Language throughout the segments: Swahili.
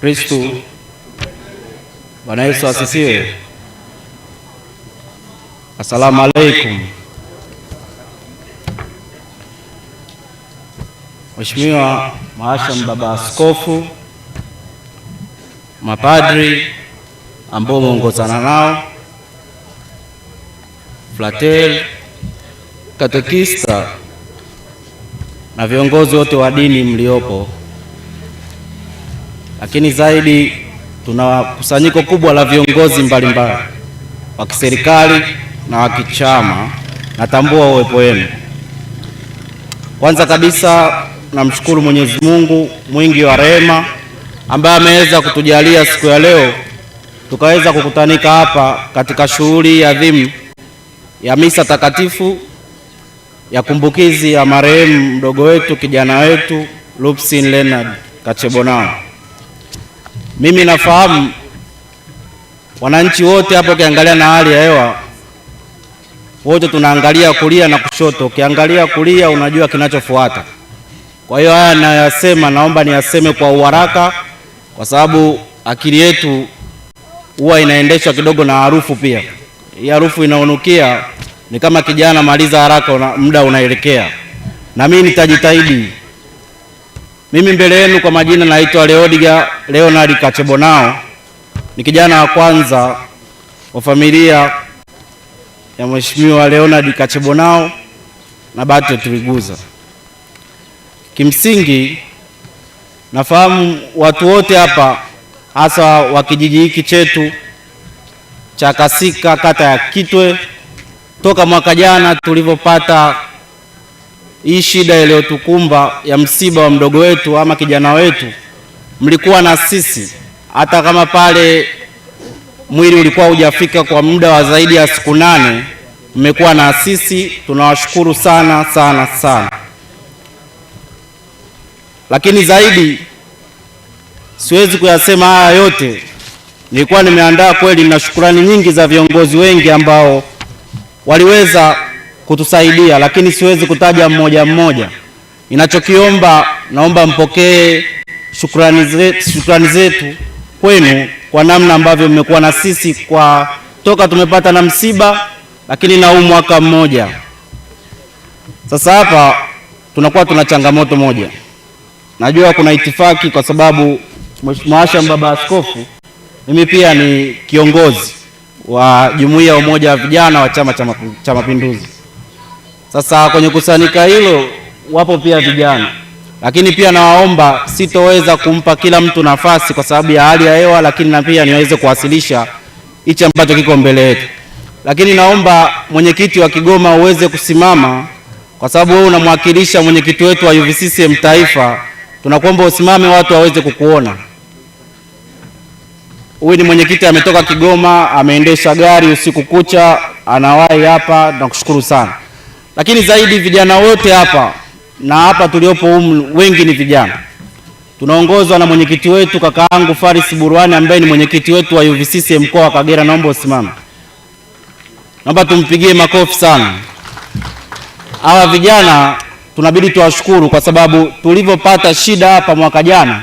Kristu. Bwana Yesu asifiwe. Asalamu alaikum. Mheshimiwa Mhashamu Baba Askofu, mapadri ambao umeongozana nao, flatel katekista na viongozi wote wa dini mliopo lakini zaidi tuna kusanyiko kubwa la viongozi mbalimbali wa kiserikali na wa kichama. Natambua uwepo wenu. Kwanza kabisa namshukuru Mwenyezi Mungu mwingi wa rehema ambaye ameweza kutujalia siku ya leo tukaweza kukutanika hapa katika shughuli ya adhimu ya misa takatifu ya kumbukizi ya marehemu mdogo wetu kijana wetu Lupsin Leonard Kachebonao. Mimi nafahamu wananchi wote hapo, ukiangalia na hali ya hewa, wote tunaangalia kulia na kushoto. Ukiangalia kulia, unajua kinachofuata. Kwa hiyo haya nayasema, naomba niyaseme kwa uharaka, kwa sababu akili yetu huwa inaendeshwa kidogo na harufu pia. Hii harufu inaonukia ni kama kijana, maliza haraka, una, muda unaelekea. Na mimi nitajitahidi mimi mbele yenu kwa majina naitwa Leodiga Leonard Kachebonao, ni kijana wa kwanza wa familia ya Mheshimiwa Leonard Kachebonao na bato tuliguza. Kimsingi nafahamu watu wote hapa, hasa wa kijiji hiki chetu cha Kasika, kata ya Kitwe, toka mwaka jana tulivyopata hii shida iliyotukumba ya msiba wa mdogo wetu ama kijana wetu, mlikuwa na sisi, hata kama pale mwili ulikuwa hujafika kwa muda wa zaidi ya siku nane, mmekuwa na sisi, tunawashukuru sana sana sana. Lakini zaidi siwezi kuyasema haya yote, nilikuwa nimeandaa kweli na shukurani nyingi za viongozi wengi ambao waliweza kutusaidia, lakini siwezi kutaja mmoja mmoja. Ninachokiomba, naomba mpokee shukrani zetu, shukrani zetu kwenu kwa namna ambavyo mmekuwa na sisi kwa toka tumepata na msiba, lakini na huu mwaka mmoja sasa. Hapa tunakuwa tuna changamoto moja, najua kuna itifaki kwa sababu Mheshimiwa baba askofu, mimi pia ni kiongozi wa jumuiya ya umoja wa vijana wa Chama cha Mapinduzi. Sasa kwenye kusanyika hilo wapo pia vijana, lakini pia nawaomba, sitoweza kumpa kila mtu nafasi kwa sababu ya hali ya hewa, lakini na pia niweze kuwasilisha hichi ambacho kiko mbele yetu, lakini naomba mwenyekiti wa Kigoma uweze kusimama kwa sababu wewe unamwakilisha mwenyekiti wetu wa UVCCM taifa. Tunakuomba usimame watu waweze kukuona. Huyu ni mwenyekiti ametoka Kigoma, ameendesha gari usiku kucha, anawahi hapa. Nakushukuru sana. Lakini zaidi vijana wote hapa na hapa tuliopo umu, wengi ni vijana, tunaongozwa na mwenyekiti wetu kakaangu Faris Burwani ambaye ni mwenyekiti wetu wa UVCCM mkoa wa Kagera. Naomba usimame, naomba tumpigie makofi sana. Hawa vijana tunabidi tuwashukuru kwa sababu tulivyopata shida hapa mwaka jana,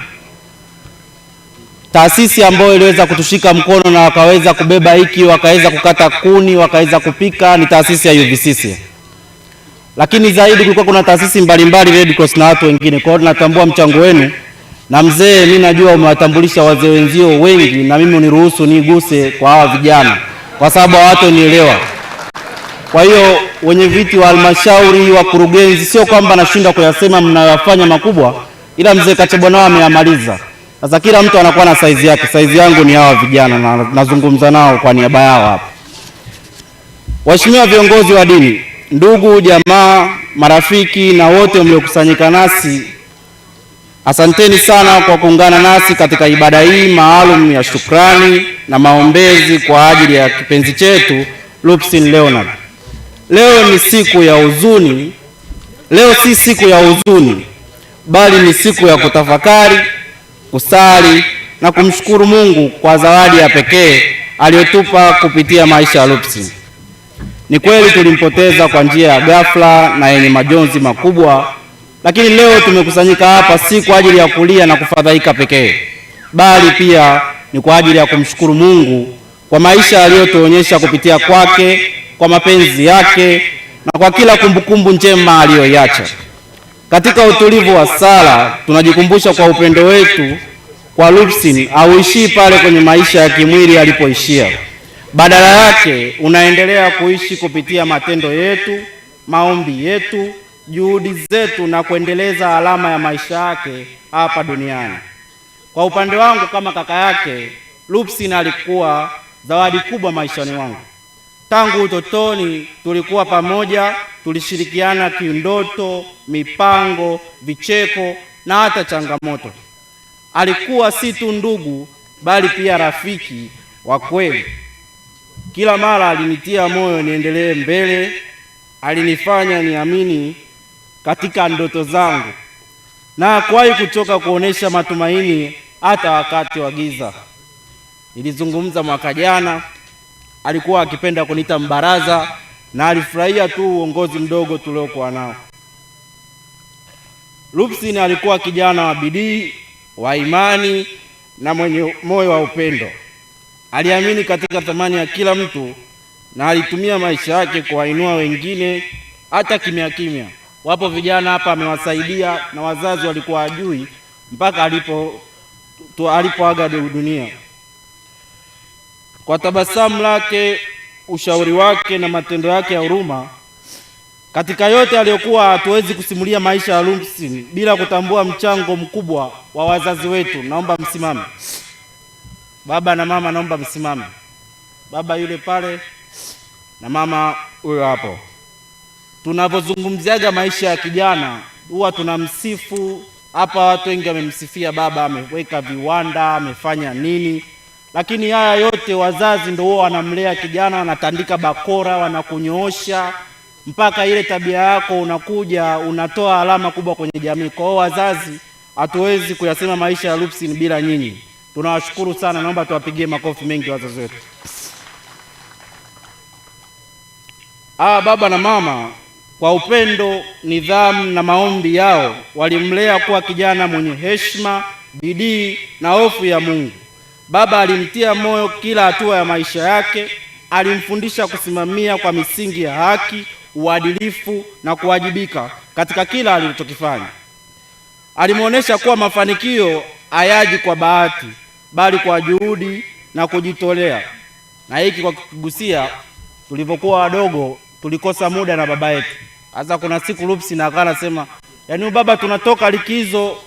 taasisi ambayo iliweza kutushika mkono na wakaweza kubeba hiki, wakaweza kukata kuni, wakaweza kupika ni taasisi ya UVCCM. Lakini zaidi kulikuwa kuna taasisi mbalimbali Red Cross na watu wengine. Kwa hiyo tunatambua mchango wenu, na mzee, mimi najua umewatambulisha wazee wenzio wengi, na mimi uniruhusu niguse kwa hawa vijana, kwa sababu nielewa. Kwa hiyo wenye viti wa halmashauri, wakurugenzi, sio kwamba nashinda kuyasema mnayofanya makubwa, ila mzee Kachebwana ameyamaliza. Sasa kila mtu anakuwa na saizi yake. Saizi yangu ni hawa vijana na nazungumza nao kwa niaba yao hapa. Waheshimiwa viongozi wa dini ndugu jamaa, marafiki na wote mliokusanyika nasi, asanteni sana kwa kuungana nasi katika ibada hii maalum ya shukrani na maombezi kwa ajili ya kipenzi chetu Lupsin Leonard. Leo ni siku ya huzuni. Leo si siku ya huzuni, bali ni siku ya kutafakari, kusali na kumshukuru Mungu kwa zawadi ya pekee aliyotupa kupitia maisha ya Lupsin. Ni kweli tulimpoteza kwa njia ya ghafla na yenye majonzi makubwa, lakini leo tumekusanyika hapa si kwa ajili ya kulia na kufadhaika pekee, bali pia ni kwa ajili ya kumshukuru Mungu kwa maisha aliyotuonyesha kupitia kwake, kwa mapenzi yake na kwa kila kumbukumbu njema aliyoiacha. Katika utulivu wa sala tunajikumbusha kwa upendo wetu kwa Lupsin hauishii pale kwenye maisha ya kimwili alipoishia badala yake unaendelea kuishi kupitia matendo yetu, maombi yetu, juhudi zetu na kuendeleza alama ya maisha yake hapa duniani. Kwa upande wangu kama kaka yake, lupsin alikuwa zawadi kubwa maishani wangu. Tangu utotoni tulikuwa pamoja, tulishirikiana kindoto, mipango, vicheko na hata changamoto. Alikuwa si tu ndugu, bali pia rafiki wa kweli. Kila mara alinitia moyo niendelee mbele, alinifanya niamini katika ndoto zangu na hakuwahi kuchoka kuonesha matumaini hata wakati wa giza. Nilizungumza mwaka jana, alikuwa akipenda kuniita mbaraza na alifurahia tu uongozi mdogo tuliokuwa nao. Lupsin alikuwa kijana wa bidii, wa imani na mwenye moyo wa upendo. Aliamini katika thamani ya kila mtu na alitumia maisha yake kuwainua wengine hata kimya kimya. Wapo vijana hapa amewasaidia na wazazi walikuwa ajui mpaka alipo alipoaga dunia. Kwa tabasamu lake, ushauri wake na matendo yake ya huruma katika yote aliyokuwa, hatuwezi kusimulia maisha ya Lumsin bila kutambua mchango mkubwa wa wazazi wetu. Naomba msimame. Baba na mama, naomba msimame. Baba yule pale na mama huyo hapo. Tunapozungumziaga maisha ya kijana huwa tunamsifu hapa, watu wengi wamemsifia baba, ameweka viwanda, amefanya nini, lakini haya yote wazazi ndio huwa wanamlea kijana, wanatandika bakora, wanakunyoosha mpaka ile tabia yako unakuja unatoa alama kubwa kwenye jamii. Kwa hiyo wazazi, hatuwezi kuyasema maisha ya Lupsin bila nyinyi. Tunawashukuru sana, naomba tuwapigie makofi mengi wazazi wetu. Ah, baba na mama kwa upendo, nidhamu na maombi yao walimlea kuwa kijana mwenye heshima, bidii na hofu ya Mungu. Baba alimtia moyo kila hatua ya maisha yake, alimfundisha kusimamia kwa misingi ya haki, uadilifu na kuwajibika katika kila alichokifanya. Alimwonyesha kuwa mafanikio hayaji kwa bahati, bali kwa juhudi na kujitolea. Na hiki kwa kugusia, tulivyokuwa wadogo tulikosa muda na baba yetu. Sasa kuna siku Lupsi na akala sema, yaani baba, tunatoka likizo,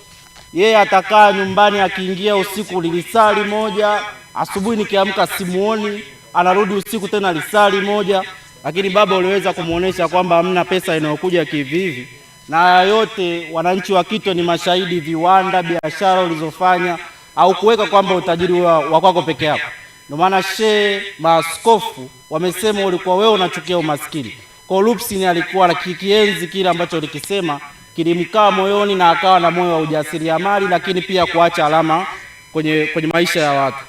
yeye atakaa nyumbani, akiingia usiku lilisali moja, asubuhi nikiamka simuoni, anarudi usiku tena lisali moja. Lakini baba, uliweza kumuonesha kwamba hamna pesa inayokuja kivivi, na yote wananchi wa Kitwe ni mashahidi, viwanda, biashara ulizofanya au kuweka kwamba utajiri wa, wa kwako peke yako. Ndio maana she maaskofu wamesema ulikuwa wewe unachukia umaskini. Kwa Lupsini alikuwa anakikienzi kile ambacho ulikisema kilimkaa moyoni na akawa na moyo wa ujasiriamali, lakini pia kuacha alama kwenye, kwenye maisha ya watu.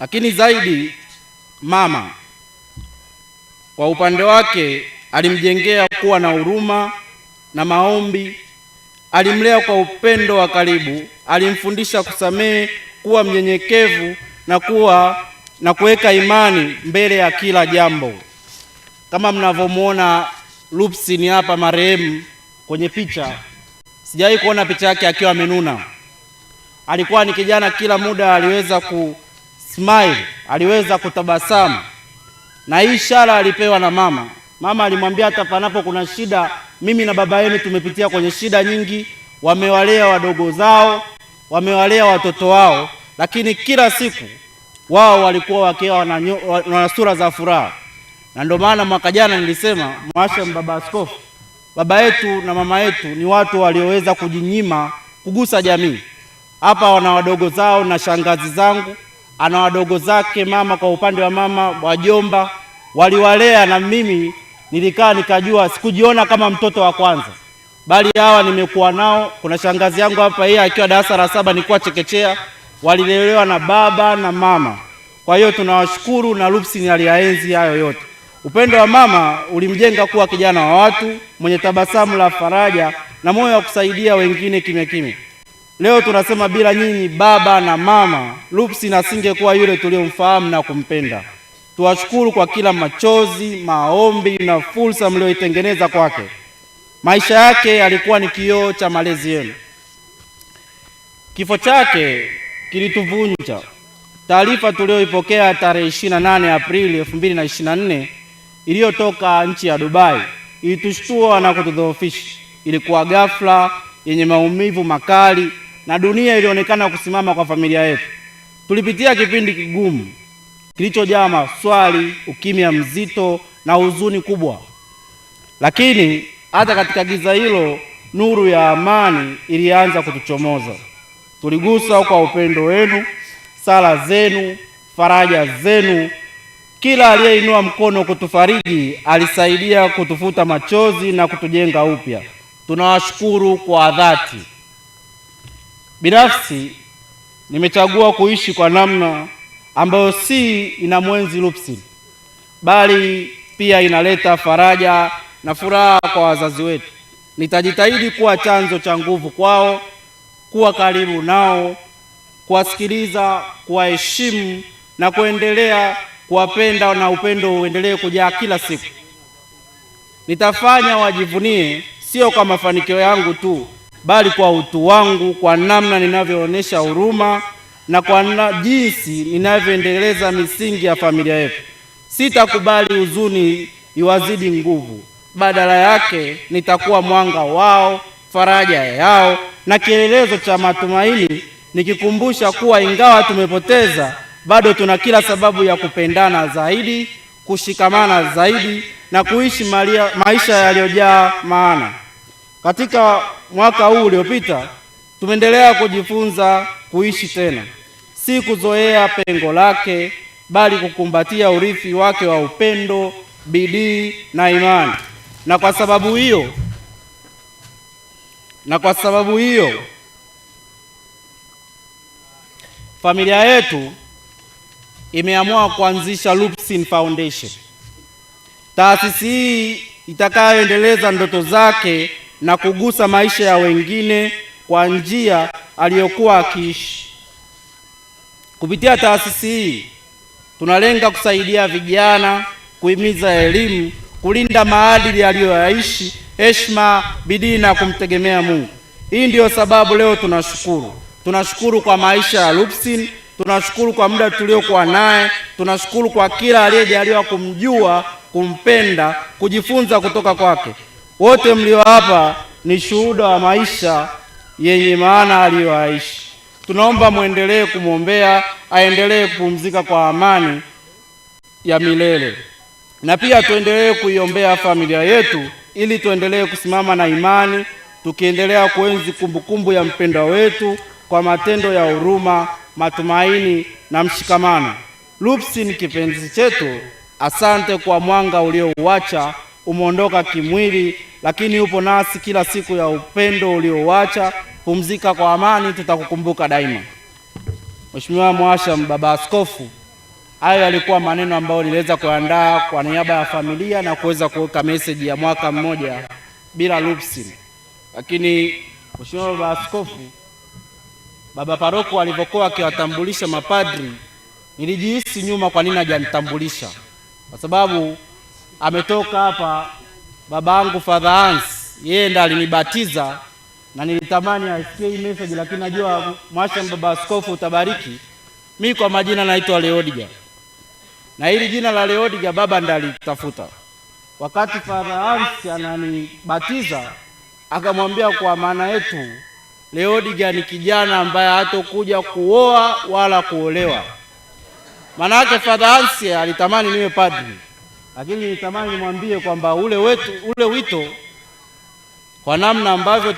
Lakini zaidi mama kwa upande wake alimjengea kuwa na huruma na maombi Alimlea kwa upendo wa karibu, alimfundisha kusamehe, kuwa mnyenyekevu na kuwa na kuweka imani mbele ya kila jambo. Kama mnavyomwona Lupsi ni hapa marehemu kwenye picha, sijawahi kuona picha yake akiwa amenuna. Alikuwa ni kijana, kila muda aliweza ku smile, aliweza kutabasamu, na hii ishara alipewa na mama Mama alimwambia hata panapo kuna shida, mimi na baba yenu tumepitia kwenye shida nyingi. Wamewalea wadogo zao, wamewalea watoto wao, lakini kila siku wao walikuwa wakiwa na sura za furaha, na ndio maana mwaka jana nilisema mwashe baba askofu, baba yetu na mama yetu ni watu walioweza kujinyima kugusa jamii. Hapa wana wadogo zao na shangazi zangu ana wadogo zake mama, kwa upande wa mama wajomba, waliwalea na mimi nilikaa nikajua, sikujiona kama mtoto wa kwanza, bali hawa nimekuwa nao. Kuna shangazi yangu hapa, yeye akiwa darasa la saba nilikuwa chekechea, walilelewa na baba na mama. Kwa hiyo tunawashukuru na Lupsi ni aliyaenzi hayo yote. Upendo wa mama ulimjenga kuwa kijana wa watu mwenye tabasamu la faraja na moyo wa kusaidia wengine kimya kimya. Leo tunasema bila nyinyi baba na mama, Lupsi nasingekuwa yule tuliyomfahamu na kumpenda. Tuwashukuru kwa kila machozi, maombi na fursa mlioitengeneza kwake. Maisha yake yalikuwa ni kioo cha malezi yenu. Kifo chake kilituvunja. Taarifa tuliyoipokea tarehe 28 Aprili 2024 iliyotoka nchi ya Dubai ilitushtua na kutudhoofisha. Ilikuwa ghafla yenye maumivu makali, na dunia ilionekana kusimama kwa familia yetu. Tulipitia kipindi kigumu kilichojaa maswali, ukimya mzito na huzuni kubwa. Lakini hata katika giza hilo, nuru ya amani ilianza kutuchomoza. tuligusa kwa upendo wenu, sala zenu, faraja zenu. Kila aliyeinua mkono kutufariji alisaidia kutufuta machozi na kutujenga upya. Tunawashukuru kwa dhati. Binafsi nimechagua kuishi kwa namna ambayo si ina mwenzi Lupsi, bali pia inaleta faraja na furaha kwa wazazi wetu. Nitajitahidi kuwa chanzo cha nguvu kwao, kuwa karibu nao, kuwasikiliza, kuwaheshimu na kuendelea kuwapenda na upendo uendelee kujaa kila siku. Nitafanya wajivunie, sio kwa mafanikio yangu tu, bali kwa utu wangu, kwa namna ninavyoonyesha huruma na kwa jinsi ninavyoendeleza misingi ya familia yetu. Sitakubali huzuni iwazidi nguvu, badala yake nitakuwa mwanga wao, faraja yao na kielelezo cha matumaini, nikikumbusha kuwa ingawa tumepoteza, bado tuna kila sababu ya kupendana zaidi, kushikamana zaidi na kuishi maria, maisha yaliyojaa maana. Katika mwaka huu uliopita Tumeendelea kujifunza kuishi tena, si kuzoea pengo lake, bali kukumbatia urithi wake wa upendo, bidii na imani. Na kwa sababu hiyo na kwa sababu hiyo familia yetu imeamua kuanzisha Lupsin Foundation, taasisi hii itakayoendeleza ndoto zake na kugusa maisha ya wengine kwa njia aliyokuwa akiishi. Kupitia taasisi hii tunalenga kusaidia vijana, kuhimiza elimu, kulinda maadili aliyoyaishi, heshima, bidii na kumtegemea Mungu. Hii ndiyo sababu leo tunashukuru. Tunashukuru kwa maisha ya Lupsin, tunashukuru kwa muda tuliokuwa naye, tunashukuru kwa kila aliyejaliwa kumjua, kumpenda, kujifunza kutoka kwake. Wote mlio hapa ni shuhuda wa maisha yenye maana aliyoaishi. Tunaomba mwendelee kumwombea aendelee kupumzika kwa amani ya milele, na pia tuendelee kuiombea familia yetu ili tuendelee kusimama na imani, tukiendelea kuenzi kumbukumbu ya mpendwa wetu kwa matendo ya huruma, matumaini na mshikamano. Lupsi ni kipenzi chetu. Asante kwa mwanga uliouacha umeondoka kimwili, lakini upo nasi kila siku ya upendo uliouacha. Pumzika kwa amani, tutakukumbuka daima. Mheshimiwa Mwasham, Baba Askofu, hayo yalikuwa maneno ambayo niliweza kuandaa kwa niaba ya familia na kuweza kuweka meseji ya mwaka mmoja bila lupsi. Lakini Mheshimiwa Baba Askofu, Baba Paroko alivyokuwa akiwatambulisha mapadri, nilijihisi nyuma, kwa nini hajanitambulisha? Kwa sababu ametoka hapa babangu Father Hans, yeye ndiye alinibatiza na nilitamani asikie hii message, lakini najua mwasha baba askofu utabariki. Mi kwa majina naitwa Leodiga, na hili jina la Leodiga baba ndiye alitafuta wakati Father Hans ananibatiza akamwambia kwa maana yetu leodiga ni kijana ambaye hatokuja kuoa wala kuolewa. Maana yake Father Hans alitamani niwe padri. Lakini nitamani nimwambie kwamba ule wetu, ule wito kwa namna ambavyo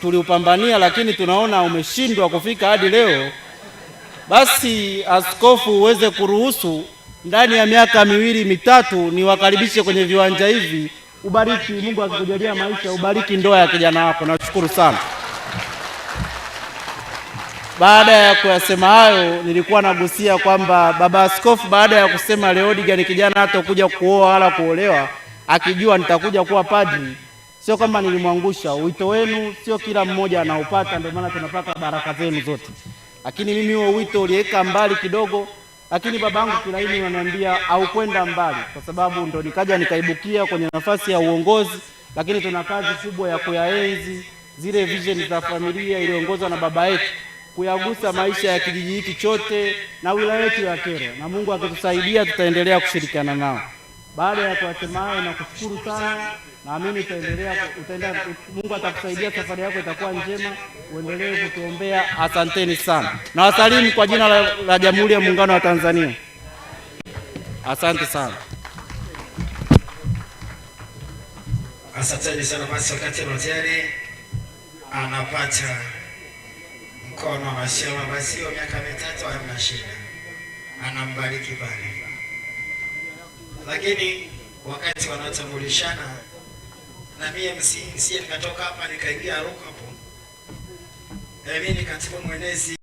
tuliupambania lakini tunaona umeshindwa kufika hadi leo, basi askofu uweze kuruhusu ndani ya miaka miwili mitatu niwakaribishe kwenye viwanja hivi. Ubariki, Mungu akikujalia maisha, ubariki ndoa ya kijana wako. Nashukuru sana. Baada ya kuyasema hayo, nilikuwa nagusia kwamba baba askofu baada ya kusema Leodegar kijana kuja kuoa wala kuolewa, akijua nitakuja kuwa padri, sio kama nilimwangusha. Wito wenu sio kila mmoja anaupata, ndio maana tunapata baraka zenu zote, lakini mimi huo wito uliweka mbali kidogo, lakini babangu Kilaini wananiambia haukwenda mbali, kwa sababu ndo nikaja nikaibukia kwenye nafasi ya uongozi, lakini tuna kazi kubwa ya kuyaenzi zile vision za familia iliyoongozwa na baba yetu kuyagusa maisha ya kijiji hiki chote na wilaya yetu ya Kyerwa, na Mungu akitusaidia tutaendelea kushirikiana nao. Baada ya kuwasema hayo na kushukuru sana, naamini utaendelea utaenda, Mungu atakusaidia, safari yako itakuwa njema, uendelee kutuombea. Asanteni sana na wasalimu kwa jina la, la Jamhuri ya Muungano wa Tanzania. Asante sana. Asanteni sana basi, wakati anapata mkono wasio wasio miaka mitatu hamna shida, anambariki pale. Lakini wakati wanatambulishana, na mie msi nikatoka hapa nikaingia huko hapo, eh, mimi ni katibu mwenezi